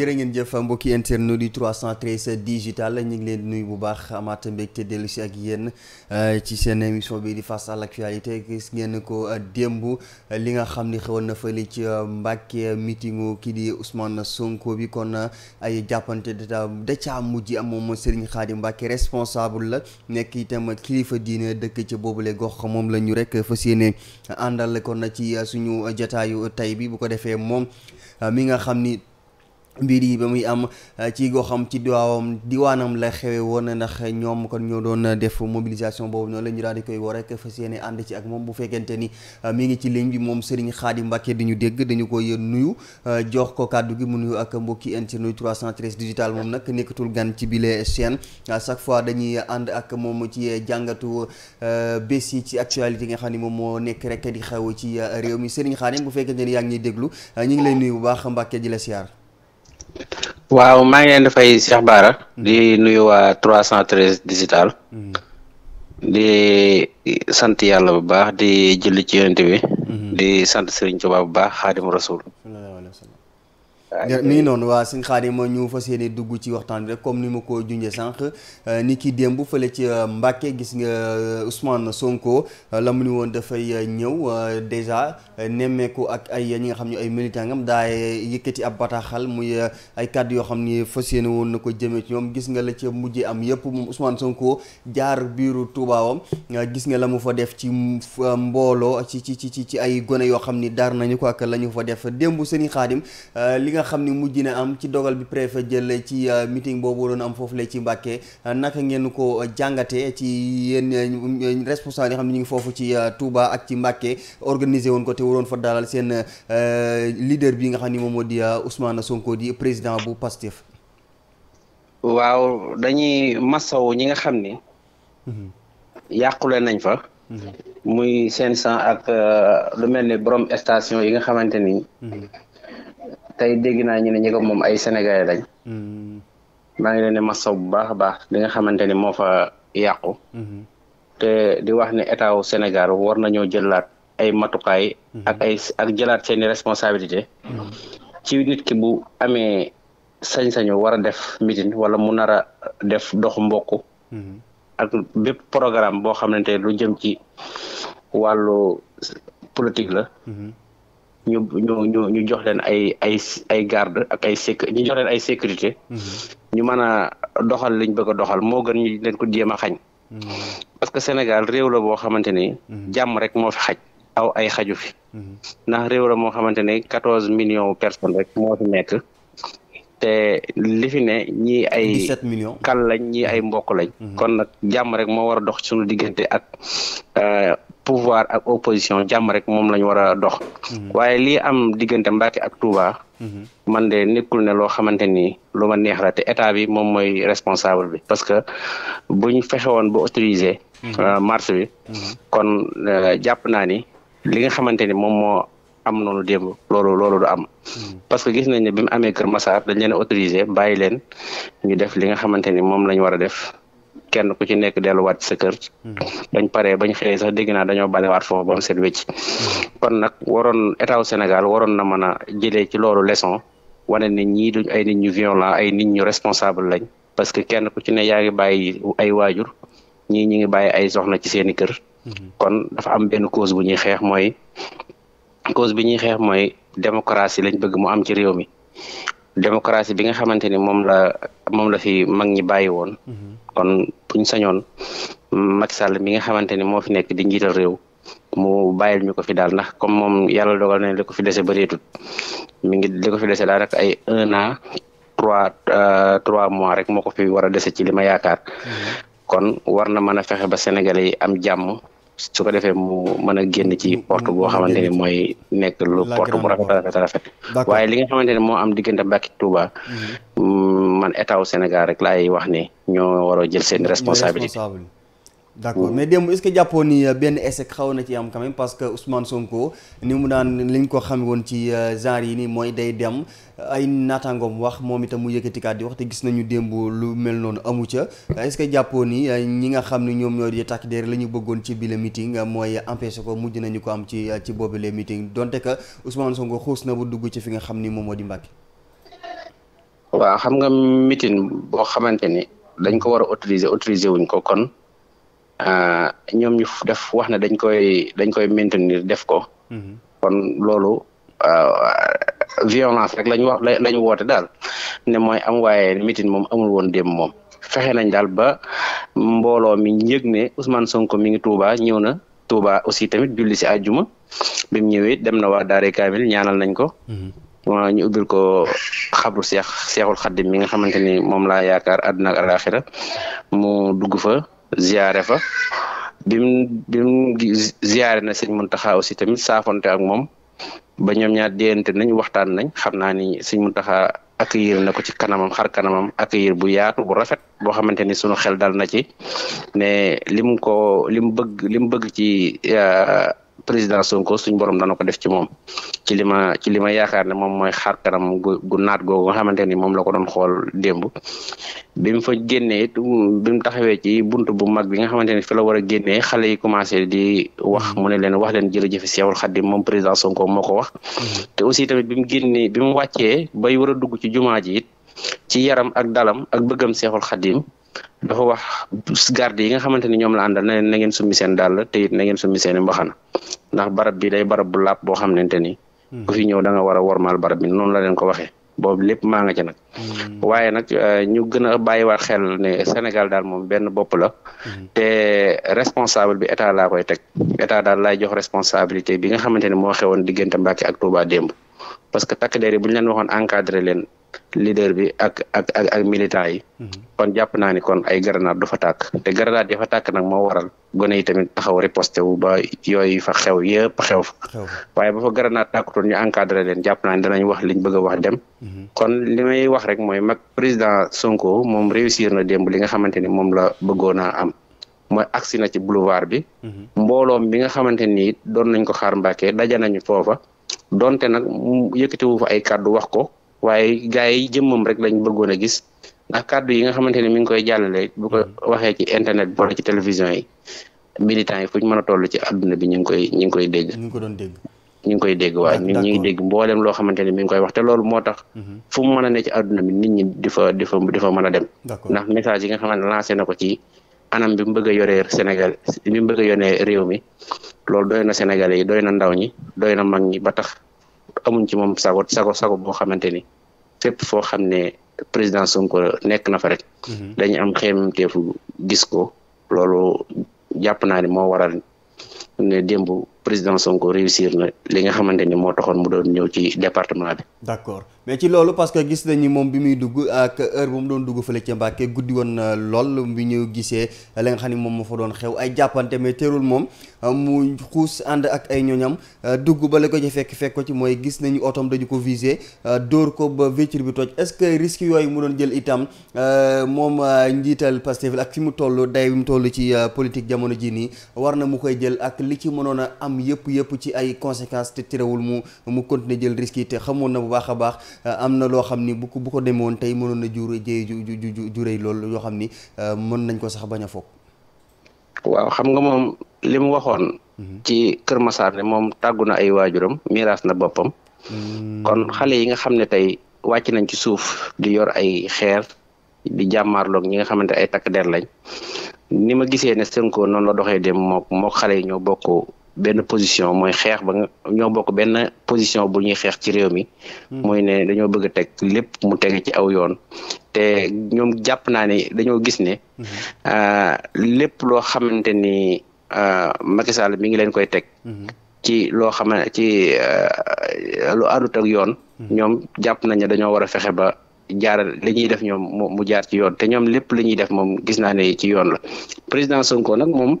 jërë ngeen jëf mbokki internet di 313 digital ñu ngi leen nuyu bu baax amaat mbégte dellu si ak yéen euh, ci seen émission bi di face à l'actualité gis ngeen ko euh, démb li nga xam ni xewoon na fële ci euh, Mbàkke mitingo kii di Ousmane Sonko bi kon ay jàppante da caa mujj am moom Serigne Khadim Mbàkke responsable la nekk itam kilifa diine dëkk ci boobule gox moom la ñu rek fas yéene àndal kon ci suñu jotaayu tey bi bu ko defee moom mi nga xam ni. mbir yi ba muy am euh, ci goo xam ci diwaawam diwaanam la xewe woon ndax ñoom kon ñoo doon def mobilisation boobu noonu la ñu daal di koy woo rek fa yéene ànd ci ak moom bu fekkente ni euh, mi ngi ci ligne bi moom Serigne Khady Mbacké di ñu dégg dañu koy nuyu euh, jox ko kàddu gi mu nuyu ak mbokki internet 313 digital moom nag nekkatul gan ci bile chaîne chaque fois dañuy ànd ak moom ci jàngatu bés yi ci actualité nga xam ni moom moo nekk rek di xew ci réew mi Serigne Khady bu fekkente ni yaa ngi déglu ñu ngi lay nuyu bu baax Mbacké di la siyaar waaw maa ngi leen di baara Cheikh Bara mm-hmm. di nuyu waa trois cent treize digital mm-hmm. di sant yàlla bu baax di julli ci yonent bi mm-hmm. di sant Serigne Touba bu baax Xaadim Rasul Ah, nii noonu waa suñ xaari ma ñu fas yéene dugg ci waxtaan bi rek comme ni ma ko junjee sànq euh, ni ki démb fële ci Mbàkke gis nga euh, Ousmane Sonko euh, la mu ni woon dafay ñëw déjà nemmeeku ak ay ñi nga xam ne ay militangam daay yëkkati ab bataaxal muy ay kàddu yoo xam ni fas yéene woon na ko jëmee ci ñoom gis nga la ci mujjee am yëpp moom Ousmane Sonko jaar biiru tubaawam gis nga la mu fa def ci mbooloo ci ci ci ci ay gone yoo xam ni daar nañu ko ak la fa def démb sëñ xaadim li nga nga xam ni mujj na am ci dogal bi préfet jël ci euh, meeting boobu doon am foofu la ci Mbàkke euh, naka ngeen ko euh, jàngatee ci yéen responsable yi xam ne ñu ngi foofu ci Touba ak ci Mbàkke organiser woon ko te waroon fa dalal seen leader bi nga xam ni moom moo di Ousmane Sonko di président bu Pastef. waaw dañuy masawu ñi nga xam ni. Mhm. yàqule nañ fa. Mhm. muy 500 ak lu mel ni borom station yi nga xamante ni. Mhm. tey dégg naa ñu ne ñi moom ay sénégalais lañ. Mm-hmm. maa ngi leen di masaw bu baax a baax li nga xamante ni moo fa yàqu. Mm-hmm. te di wax ne état wu Sénégal war nañoo jëlaat ay matukaay. Mm-hmm. ak ay ak jëlaat seeni responsabilité ci nit ki bu amee sañ-sañu war a def mbitin wala mu nar a def doxu mbokk. ak bépp programme boo xamante lu jëm ci wàllu politique la. ñu ñu ñu jox leen ay ay ay garde ak ay sécu ñu jox ay sécurité. Mhm. ñu mën a doxal lañ bëgg a doxal moo gën ñu leen ko jéem a xañ. Mhm. parce que Sénégal réew la boo xamante ni. Mhm. jàmm rek moo fi xaj. aw ay xaju fi. ndax réew la moo xamante ne quatorze millions personnes rek moo fi nekk. te li fi ne ñii ay. 17 millions kan lañ ñii ay mbokk lañ. kon nag jàmm rek moo war a dox suñu diggante ak. Euh, pouvoir ak opposition jàmm rek moom la ñu war a dox. Mhm. waaye lii am diggante Mbacke ak Touba. Mhm. man de nekkul ne loo xamante ni lu ma neex la te état bi moom mooy responsable bi parce que buñ fexe woon ba autorisé. Mhm. Euh, marche bi. kon euh, jàpp naa ni li nga xamante ni moom moo am noonu démb loolu loolu du am. parce que gis nañ ne bi mu amee Kër Massar dañ leen autorisé bàyyi leen ñu def li nga moom la ñu war def. kenn ku ci nekk delluwaat sa kër hmm. bañ pare bañ xëyee sax dégg naa dañoo balewaat foofu bam mu set wécc kon nag waroon état wu Sénégal waroon na mën a jëlee ci loolu leçon wane ne ñii duñ ay nit ñu violent ay nit ñu responsable lañ parce que kenn ku ci ne yaa ngi bàyyi ay waajur ñii ñi ngi bàyyi ay soxna ci seeni kër hmm. kon dafa am benn cause bu ñuy xeex mooy cause bi ñuy xeex mooy démocratie lañ bëgg mu am ci réew mi démocratie bi nga xamante ni moom la moom la fi mag ñi bàyyi woon. Mhm. kon buñ sañoon Macky Sall mi nga xamante ni moo fi nekk di njiital réew mu bàyyil ñu ko fi daal ndax comme moom yàlla dogal na li ko fi dese bëreetul mi ngi li fi dese daal rek ay un an trois euh, trois mois rek moo ko fi war a dese ci li ma yaakaar. Mhm. kon war na mën a fexe ba Sénégalais yi am jàmm. su ko defee mu mën a génn ci porte boo xamante ni mooy nekk lu porte bu rafet rafet rafet waaye li nga xamante ne moo am diggante Mbàkke Touba mhm. mm, man état wu Sénégal rek laay wax ne ñoo war a jël seen responsabilité d' accord oh. mais démb est ce que jàppoon ni euh, benn échec xaw na ci am quand même parce que Ousmane Sonko ni mu daan liñ ko xam woon ci euh, genre yi nii mooy day dem ay naataangoom wax moom itam mu yëkkatikaat di wax te gis nañu démb lu mel noonu amu ca est ce que jàppoon ni euh, ñi nga xam ne ñoom ñoo di takk der la ñu bëggoon ci bile meeting mooy empêché ko mujj nañu ko am ci ci boobu le meeting donte que Ousmane Sonko xuus na bu dugg ci fi nga xam ni moom moo di Mbàkke. waaw xam nga meeting boo xamante ni dañ ko war a autoriser autoriser wuñ ko kon. Euh, ñoom ñu def wax ne dañ koy dañ koy maintenir def ko. Mhm. kon loolu euh, violence rek lañ wax lañ woote daal ne mooy am waaye mitin moom amul woon démb moom fexe nañ daal ba mbooloo mi yëg ne Ousmane Sonko mi ngi Touba ñëw na Touba aussi tamit julli si àjjuma juma mu ñëwee dem na waa Daaray Kaamil ñaanal nañ ko. Mhm. ñu ubbil ko xabru seex seexul xaddim mi nga xamante ni moom laa yaakaar àdduna alaaxira mu dugg ziyaare fa bim bim ziyaare na sëñ Muntaxa aussi tamit saafonte am moom ba ñoom ñaar déyante nañ waxtaan nañ xam naa ni mun Muntaxa accueillir na ko ci kanamam xar kanamam accueillir bu yaatu bu rafet boo xamante ni sunu xel daal na ci ne lim ko lim bëgg lim bëgg ci. président Sonko suñ borom dana ko def ci moom ci li ma ci li ma yaakaar ne moom mooy xar kanam gu gu naat googu nga xamante ni moom la ko doon xool démb bi mu fa génnee it bi mu taxawee ci buntu bu mag bi nga xamante ni fi la war a génnee xale yi commencé di wax mm-hmm. mu ne leen wax leen jërëjëf Seexul Xaadim moom président Sonko moo ko wax mm-hmm. te aussi tamit bi mu génnee bi mu wàccee bay war a dugg ci jumaa ji it ci yaram ak dalam ak bëggam Seexul Xaadim dafa wax garde yi nga xamante ni ñoom la àndal na na ngeen summi seen dàll te it na ngeen summi seen i mbaxana ndax barab bi day barab bu làpp boo xamante ni. Hmm. ku fi ñëw da nga war a wormaal barab bi noonu la leen ko waxee boobu lépp maa nga ci nag. Hmm. waaye nag euh, ñu gën a bàyyiwaat xel ne Sénégal daal moom benn bopp la. Hmm. te responsable bi état laa koy teg état daal laay jox responsabilité bi nga xamante ni moo xewoon diggante Mbacke ak toba démb parce que takk der yi bu ñu leen leader bi ak ak ak yi. Mhm. kon jàpp naa ni kon ay grenade du fa tàkk. te grenade ya fa tàkk nag moo waral gone yi tamit taxaw riposté wu ba yooyu fa xew yëpp xew fa. waaye ba fa grenade tàkkutoon ñu encadré leen jàpp naa ni danañ wax liñ bëgg a wax dem. Mhm. kon li may wax rek mooy mag président Sonko moom réussir na démb li nga xamante ni moom la bëggoon a am. mooy agsi na ci boulevard bi. Mhm. mbooloom bi nga xamante ni doon nañ ko xaar Mbàkke daja nañu foofa. donte nag yëkkatiwu ay kàddu wax ko. waaye gars yi jëmmam rek lañ bëggoon a gis ndax kàddu yi nga xamante ne mi ngi koy jàllale bu ko hmm. waxee ci internet boole ci télévision yi militants yi fu ñu mën a toll ci àdduna bi ñu ngi koy ñu ngi koy dégg. ñu ngi ko doon dégg. ñu ngi koy dégg waa ñu dégg mboolem loo xamante ne mi ngi koy wax loolu moo tax. Hmm. fu mu a ne ci àdduna bi nit ñi di fa di fa di fa mën a dem. ndax message yi nga xamante ne lancé ko ci anam bi mu bëgg a yoree Sénégal bi mu bëgg a réew mi loolu doy na Sénégalais yi doy na ndaw ñi doy na mag ñi ba tax. amuñ ci moom sago sago sago boo xamante ni fépp foo xam ne président Sonko nekk na fa rek. Mhm. dañuy am xeemteefu gis ko loolu jàpp naa ne moo waral ne démb président Sonko réussir na li nga xamante ni moo taxoon mu doon ñëw ci département bi. d'accord. mais ci loolu parce que gis nañu moom bi muy dugg ak heure bu mu doon dugg fële ca guddi woon na lool bi ñu gisee la nga xam ne moom moo fa doon xew ay jàppante mais teerul moom mu xuus ànd ak ay ñoñam euh, dugg ba la ko ci fekk fekk ko ci mooy gis nañu otoom dañu ko visé euh, dóor ko ba voiture bi toj est-ce que risque yooyu mu doon jël itam euh, moom njiital Pastef ak fi mu toll day mu toll ci politique jamono ji nii war na mu koy jël ak li ci mënoon a am yëpp yëpp ci ay conséquences te terewul mu mu continuer jël risque yi te xamoon na bu baax a baax Euh, am na loo xam ni bu ko bu ko demoon tey mënoon na jur jëye ju ju ju juree loolu yoo xam ni euh, mën nañ ko sax bañ a waaw xam nga moom li mu waxoon. Mhm. ci Kër Massar ne moom tàggu na ay waajuram miraas na boppam. Mm. kon xale yi nga xam ne tey wàcc nañ ci suuf di yor ay xeer di jàmmaarloog ñi nga xamante ay takk der lañ. ni ma gisee ne Sonko noonu la doxee dem mook mook xale yi ñoo bokk benn position mooy xeex ba nga ñoo bokk benn position bu ñuy xeex ci réew mi. Hmm. mooy ne dañoo bëgg a teg lépp mu teg ci aw yoon. te ñoom jàpp naa ne dañoo gis ne. Hmm. Euh, lépp loo xamante ni euh, Macky Sall mi ngi leen koy teg. Hmm. ci loo xamante ci euh, lu àndut ak yoon. ñoom jàpp nañ dañoo war a fexe ba. jaaral li ñuy def ñoom mu jaar ci yoon te ñoom lépp li ñuy def moom gis naa ne ci yoon la président Sonko nag moom mhm.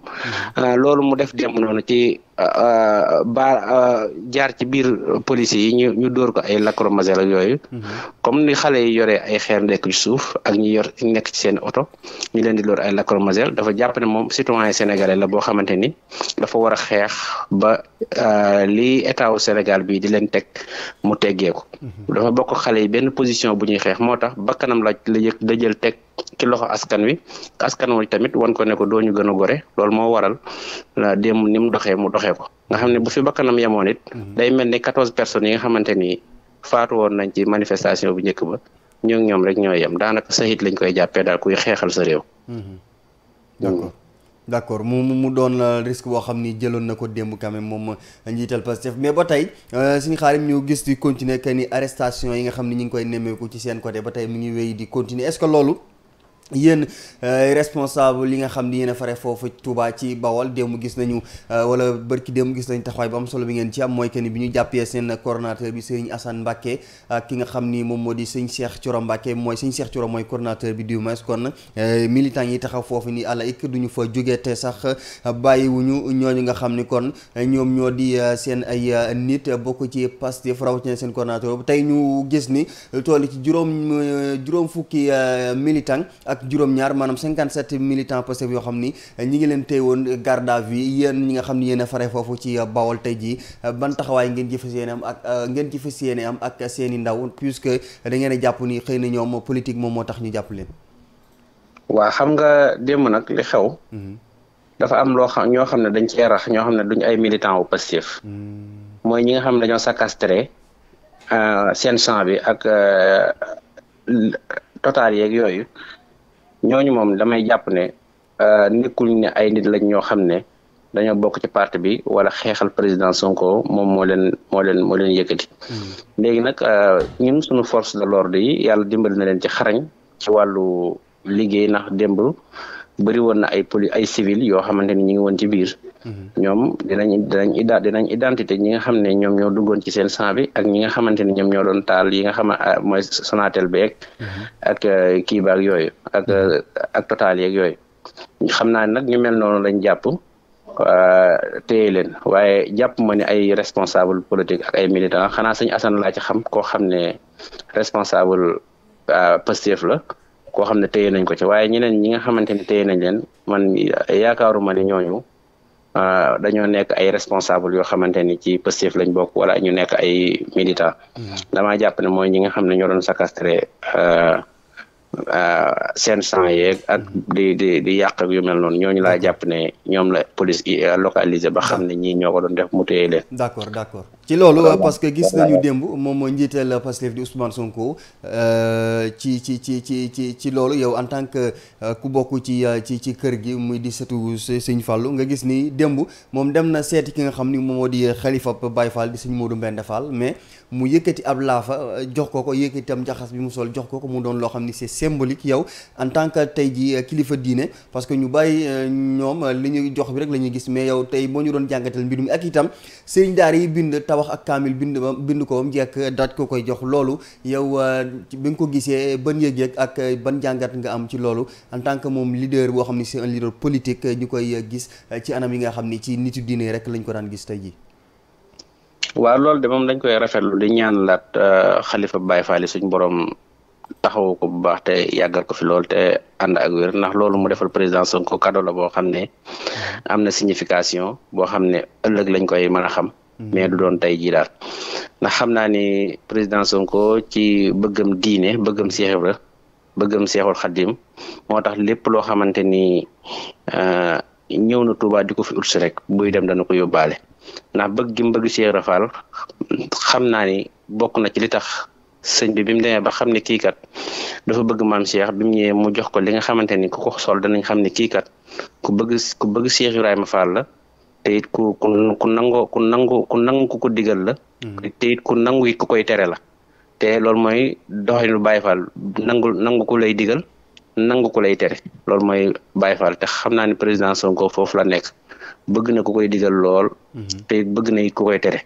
euh, loolu mu def dem noonu ci euh, euh, ba jaar ci biir police yi ñu ñu dóor ko ay lacrymogène ak yooyu mhm. comme ni xale yi yoree ay xeer nekk ci suuf ak ñi yor nekk ci seen oto ñu leen di door ay lacrymogène dafa jàpp ne moom citoyen sénégalais boo xamante ni dafa war a xeex ba li état wu Sénégal bi di leen teg mu teggeeku mhm. dafa bokk xale yi benn position bu xeex moo tax bakkanam la la jël teg ci loxo askan wi askan wi tamit wan ko ne ko doo ñu gën a gore loolu moo waral la démb ni mu doxee mu doxee ko nga xam ne bu fi bakkanam yemoon it mhm. day mel ni quatorze personnes yi nga xamante ni faatu woon nañ ci manifestation bu njëkk ba ñoo ñoom rek ñoo yem daanaka sahit lañ koy jàppee daal kuy xeexal sa réew. Mhm. d' accord mu mu doon euh, risque boo xam ni jëloon na ko démb quand même moom euh, njiital Pastef mais ba tey euh, suñu xaarim ñu gis di continuer que ni arrestation yi nga xam ni ñu ngi koy nemmeeku ci seen côté ba tey mu ngi wéy di continuer est ce que loolu yéen responsable li nga xam ni yéen a fare foofu Touba ci Bawol démb gis nañu euh, wala bërki démb gis nañ taxawaay bu am solo bi ngeen ci am mooy que ni bi ñu jàppee seen coordonnateur bi sëriñ Assane Mbacke ak ki nga xam ni moom moo di sëñ Cheikh Thioro Mbacke mooy sëñ Cheikh Thioro mooy coordonnateur bi du moins kon euh, militant yi taxaw foofu ni àla ik duñu fa jógee te sax bàyyiwuñu ñooñu nga xam ni kon ñoom ñoo di euh, seen ay nit bokk ci Pastef rawatina seen coordonnateur tey ñu gis ni toll ci juróom juróom fukki militant ak juróom-ñaar maanaam 57 militants Pastef yoo xam ni ñi ngi leen téye woon garde à vue yéen ñi nga xam ni yéen a fare foofu ci euh, Bawol tey jii euh, ban taxawaay ngeen ci fas yéene am ak euh, ngeen ci fas yéene am ak seen i ndaw puisque dangeen a jàpp ni xëy na ñoom politique moom moo tax ñu jàpp leen. waa xam nga démb nag li xew. Mhm. dafa am loo xam ñoo xam ne dañ cee rax ñoo xam ne duñ ay militant wu Pastef. Mhm. mooy ñi nga xam ne dañoo saccastré seen champ bi ak total yeeg yooyu ñooñu moom damay jàpp ne euh, nekkul ne ay nit lañ ñoo xam ne dañoo bokk ci parti bi wala xeexal président Sonko moom moo leen moo leen moo leen yëkkati. Hmm. léegi nag euh, ñun suñu force de l'ordre yi yàlla dimbali na leen ci xarañ ci wàllu liggéey ndax démb. bari woon na ay poli ay civil yoo xamante ni ñu ngi woon ci biir. Mhm. ñoom dinañ dinañ ida dinañ identité ñi nga xam ne ñoom ñoo duggoon ci seen sang bi ak ñi nga xamante ni ñoom ñoo doon taal yi nga xam ah, mooy Sonatel beeg. ak mhm. eh, kii baag yooyu ak mhm. eh, ak Total yeeg yooyu. xam naa nag ñu mel noonu lañ jàpp ah, téye leen waaye jàpp ma ne ay responsable politique ak ay militant xanaa sëñ Assane laa ci xam koo xam ne responsable ah, Pastef la. koo xam ne téye nañ ko ci waaye ñeneen ñi nga xamante ni téye nañ leen man yaakaaruma ne ñooñu ah, dañoo nekk ay responsable yoo xamante ni ci Pastef lañ bokk wala ñu nekk ay militant mm-hmm. damaa jàpp ne mooy ñi nga xam ne ñoo doon sacastre ah, ah, seen sang yeeg ak mm-hmm. di di di yàq yu mel noonu ñooñu laa mm-hmm. jàpp ne ñoom la police euh, localisé ba xam ne ñii ñoo ko doon def mu téye leen d'accord ci loolu parce que gis nañu démb moom moo mooy njiiteel Pastef di Ousmane Sonko euh, ci ci ci ci ci ci loolu yow en tant que euh, ku bokk ci euh, ci ci kër gi muy di setu sëñ Fallou nga gis ni démb moom dem na seeti ki nga xam ni moom moo di xalifa Baye Fall di sëñ Modou Mbende Fall mais mu yëkkati ab laafa euh, jox ko ko yëkkati tam jaxas bi mu sol jox ko ko mu doon loo xam ni c'est symbolique yow en tant que tey ji euh, kilifa diine parce que ñu bàyyi euh, ñoom li ñuy jox bi rek la ñuy gis mais yow tey boo ñu doon jàngatal mbir ak itam sëriñ daara yi bind tabax ak kaamil bind bind ko am jekk daaj koy jox loolu yow bi nga ko gisee ban yëg ak ban jàngat nga am ci loolu en tant que moom leader boo xam ni c'est un leader politique ñu koy anam yi nga xam ni ci nitu diine rek lañ ko daan gis tey ji waaw loolu de moom dañ koy rafetlu di ñaan laat xalifa euh, baay Fall suñ borom taxawu ko bu baax te yàggal ko fi lool te ànd ak wér ndax loolu mu defal président Sonko cadeau la boo xam ne mm-hmm. am na signification boo xam ne ëllëg lañ koy mën a xam. Mm-hmm. mais du doon tey jii daal ndax xam naa ni président Sonko ci bëggam diine bëggam Seex Ibra bëggam Seexul Xaddim moo tax lépp loo xamante ni euh, ñëw na Touba di ko fi ut rek buy dem dana ko yóbbaale ndax bëgg gi mu bëgg Cheikh Ibra Fall xam naa ni bokk na ci li tax sëñ bi bi mu demee ba xam ne kii kat dafa bëgg maam Cheikh bi mu ñëwee mu jox ko li nga xamante ni ku ko sol danañ xam ne kii kat ku bëgg ku bëgg Cheikh Ibrahima la te it ku ku nangoo ku nangu ku nangu ku ko digal la. Mm-hmm. nangu ku koy tere la. te loolu mooy doxalinu Baye Fall nangu nangu ku lay digal. nangu ko lay tere loolu mooy Baye Fall te xam naa ne président Sonko foofu la nekk bëgg na ko koy digal lool. Mhm. te bëgg na ku koy tere.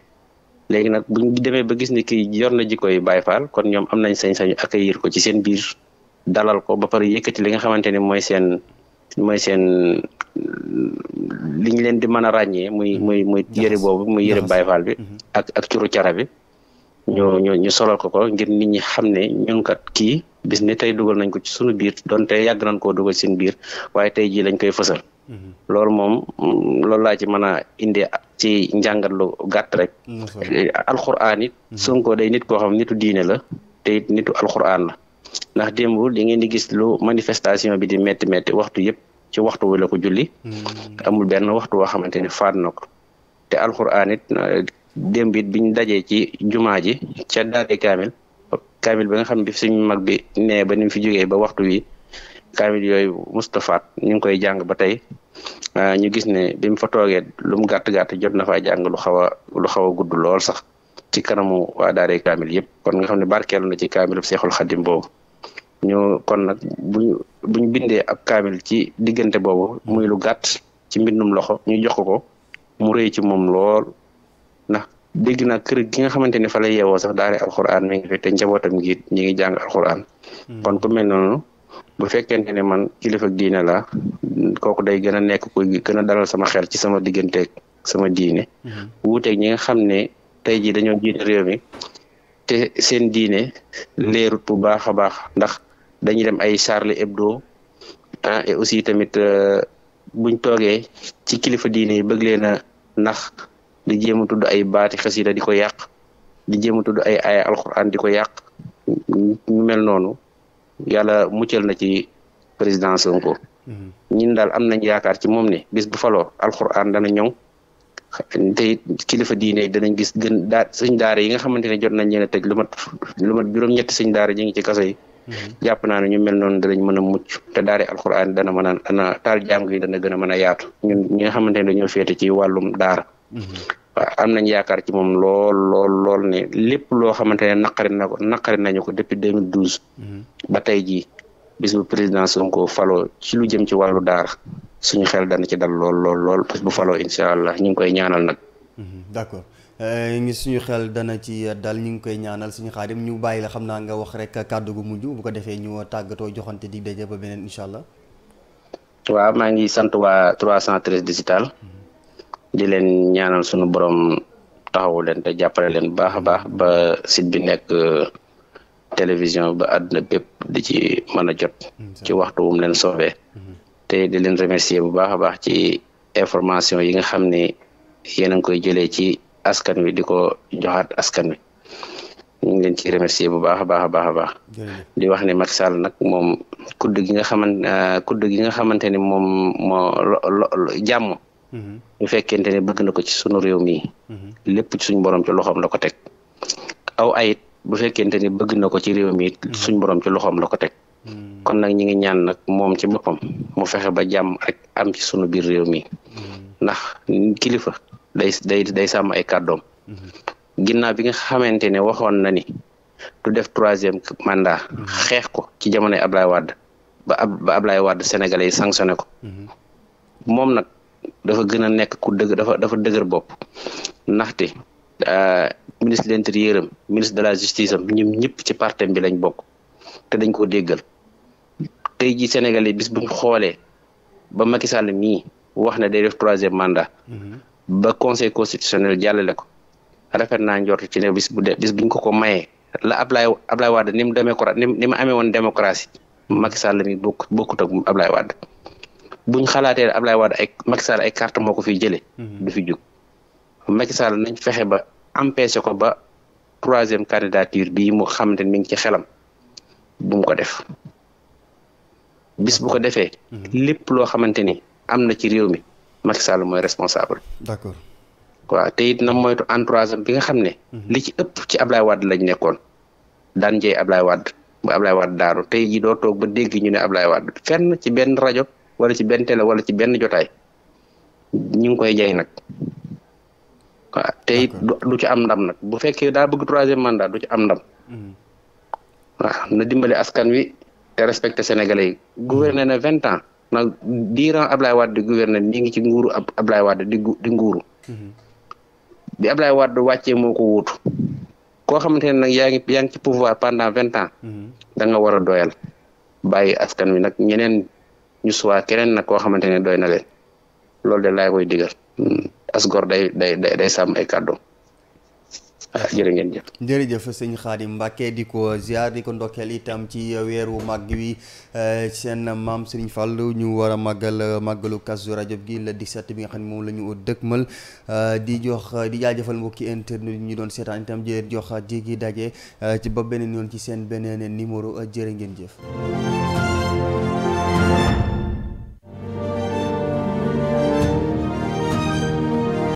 léegi nag bu ñu demee ba gis ni kii yor na jikko koy Baye faal kon ñoom am nañ sañ-sañu sañ accueillir ko ci seen biir dalal ko ba pare yëkkati li nga xamante ni mooy seen mooy seen li ñu leen di mën a ràññee muy mhm. muy muy yëre boobu mooy yëre Baye Fall bi mhm. ak ak curu cara bi. ñu ñu ñu solal ko ko ngir nit ñi xam ne ñun kat kii bis ni tey dugal nañ ko ci suñu biir donte yàgg nañ koo dugal seen biir waaye tey jii lañ koy fësal. Mhm. loolu moom mm, loolu laa ci mën a indee ci njàngat lu gàtt rek. Eh, alxuraan it. Mhm. Sonko dey nit koo xam nitu diine la te it nitu alxuraan la ndax démb li ngeen di gis lu manifestation bi di métti métti waxtu yëpp ci waxtu wi la ko julli. Mhm. amul benn waxtu woo xamante ne faat na ko te alxuraan it. Eh, démb it biñ dajee ci jumaa ji ca daade kaamil kamil ba nga xam ne bi suñu mag bi nee ba ni fi jógee ba waxtu wi kaamil yooyu Moustapha ñu ngi koy jàng ba tey ah, ñu gis ne bi mu fa toogee lu mu gàtt gàtt jot na faa jàng lu xaw a lu xaw a gudd lool sax ci kanamu waa daare kamil yëpp kon nga xam ne barkeelu na ci kaamilu Seexul Xadim boobu ñu kon nag buñu buñ bindee ak kaamil ci diggante boobu muy lu gàtt ci mbindum loxo ñu jox ko mu rëy ci moom lool dégg naa kër ki nga xamante ni fa la yeewoo sax daara alxuraan mi ngi fi te njabootam gi ñu ngi jàng hmm. kon ku mel bu fekkente ne man kilifa diine la kooku day gën a nekk kuy gën a dalal sama xel ci sama digganteeg sama diine. Hmm. ñi nga xam ne tey jii dañoo jiite réew mi te seen diine leerut bu baax a baax ndax dañuy dem ay Charlie do ah et aussi tamit euh, buñ toogee ci kilifa diine yi bëgg leen a nax. di jéem a tudd ay baati xasida di ko yàq di jéem a tudd ay aaya alxuraan di ko yàq ñu mel noonu yàlla muccal na ci président Sonko. Mhm. ñun daal am nañ yaakaar ci moom ne bis bu faloo alxuraan dana ñëw te kilifa diine danañ gis gën daa suñ daara yi nga xamante ne jot nañ leen a tëj mat lu mat juróom ñett suñ daara ñu ngi ci kaso yi. Mhm. jàpp naa ne ñu mel noonu danañ mën a mucc te daare alxuraan dana mën a dana taal jàng yi dana gën a mën a yaatu ñun ñi nga xamante ne dañoo féete ci wàllum daar am nañ yaakaar ci moom lool lool lool ne lépp loo xamante ne naqari na ko naqari nañu ko depuis 2012. Mhm. ba tey jii bis bu président Sonko faloo ci lu jëm ci wàllu daara suñu xel dana ci dal lool lool lool parce que bu faloo incha allah ñu ngi koy ñaanal nag. Mhm, d'accord. Euh, ngi suñu xel dana ci dal ñu ngi koy ñaanal suñu xaadim ñu bàyyi la xam naa nga wax rek kàddu gu mujj bu ko defee ñu tàggatoo joxante dig day ba beneen incha allah. waaw maa ngi sant waa 313 digital. Mhm. di leen ñaanal sunu boroom taxawu leen te jàppale leen baax a baax ba site bi nekk euh, télévision ba àdduna bépp di ci mën a jot ci waxtu wum leen soobee mm-hmm. te di leen remercier bu baax a baax ci information yi nga xam ni yéen a ngi koy jëlee ci askan wi di ko joxaat askan wi ñu ngi leen ci remercier bu baax a baax a baax a baax di wax ne Macky Sall nag moom kudd gi nga xamante euh, kudd gi nga xamante ni moom moo lo bu fekkente ne bëgg na ko ci sunu réew mi lépp ci suñ borom ci loxoom la ko teg aw ayit bu fekkente ne bëgg na ko ci réew mi suñ borom ci loxoom la ko teg kon nag ñi ngi ñaan nag moom ci boppam mu fexe ba jàmm rek am ci sunu biir réew mi ndax kilifa day day day sàmm ay kàddoom ginnaaw bi nga xamante ne waxoon na ni tu def troisième manda xeex ko ci jamonoy Ablaye Wade ba ab ba Ablaye Wade yi sanctionné ko mm-hmm. moom nag dafa gën a nekk ku dëgg dafa dafa dëgër bopp ndaxte euh, ministre de l'intérieur am ministre de la justice am ñoom ñëpp ci partem bi lañ bokk te dañ ko déggal tey ji Sénégal yi bis buñ xoolee ba Macky Sall mii wax ne day def troisième mandat mhm. ba conseil constitutionnel jàllale ko rafet naa njort ci ne bis bu de bis buñ ko ko mayee la Ablaye Ablaye Wade ni mu demee ni mu amee woon démocratie Macky Sall mi bokk bokkut ak Ablaye Wade buñ xalaatee Ablaye Wade ay Macky Sall ay carte moo ko fiy jëlee. Mhm. du fi jug Macky nañ fexe ba empêché ko ba troisième candidature bii moo xam ne mi ngi ci xelam bum ko def bis bu ko defee. Mhm. lépp loo xamante ni am na ci réew mi Macky Sall mooy responsable. d'accord waaw te it na moytu entourage bi nga xam ne. Mhm. li ci ëpp ci Ablaye Wade lañ nekkoon daan jëy Ablaye Wade ba Ablaye Wade daaru tey jii doo toog ba dégg ñu ne Ablaye Wade fenn ci benn rajo. wala ci benn télé wala ci benn jotaay ñu ngi koy jay nag waaw te it du ci am ndam nag bu fekkee daa bëgg troisième mandat du ci am ndam hmm. waaw na dimbale askan wi te respecté sénégalais yi hmm. na vingt ans nag diiran Ablaye Wade di gouverné mi ngi ci nguuru ab Ablaye Wade di di nguuru hmm. bi wàccee moo ko wuutu koo xamante ne nag yaa ngi yaa ngi ci pouvoir pendant vingt ans da nga war a doyal bàyyi askan wi nag ñeneen ñu suwaa keneen nag koo xamante ne doy na leen loolu de laay koy digal hmm. as gor day day day sàmm ay kàddu ah ngeen jëf jërëjëf sëñ Xaadim Mbàkke di ko ziar di ko ndokkeel itam ci weeru màgg wi eh, seen maam Sëriñ Fàllu ñu war a màggal màggalu Kazu Rajab gi le 17 bi nga xam ne moom la ñu dëkkmal eh, di jox di jaajëfal mbokki internet ñu doon seetaan itam jërë jox jigi daje eh, ci ba beneen yoon ci seen beneen numéro jërë ngeen jëf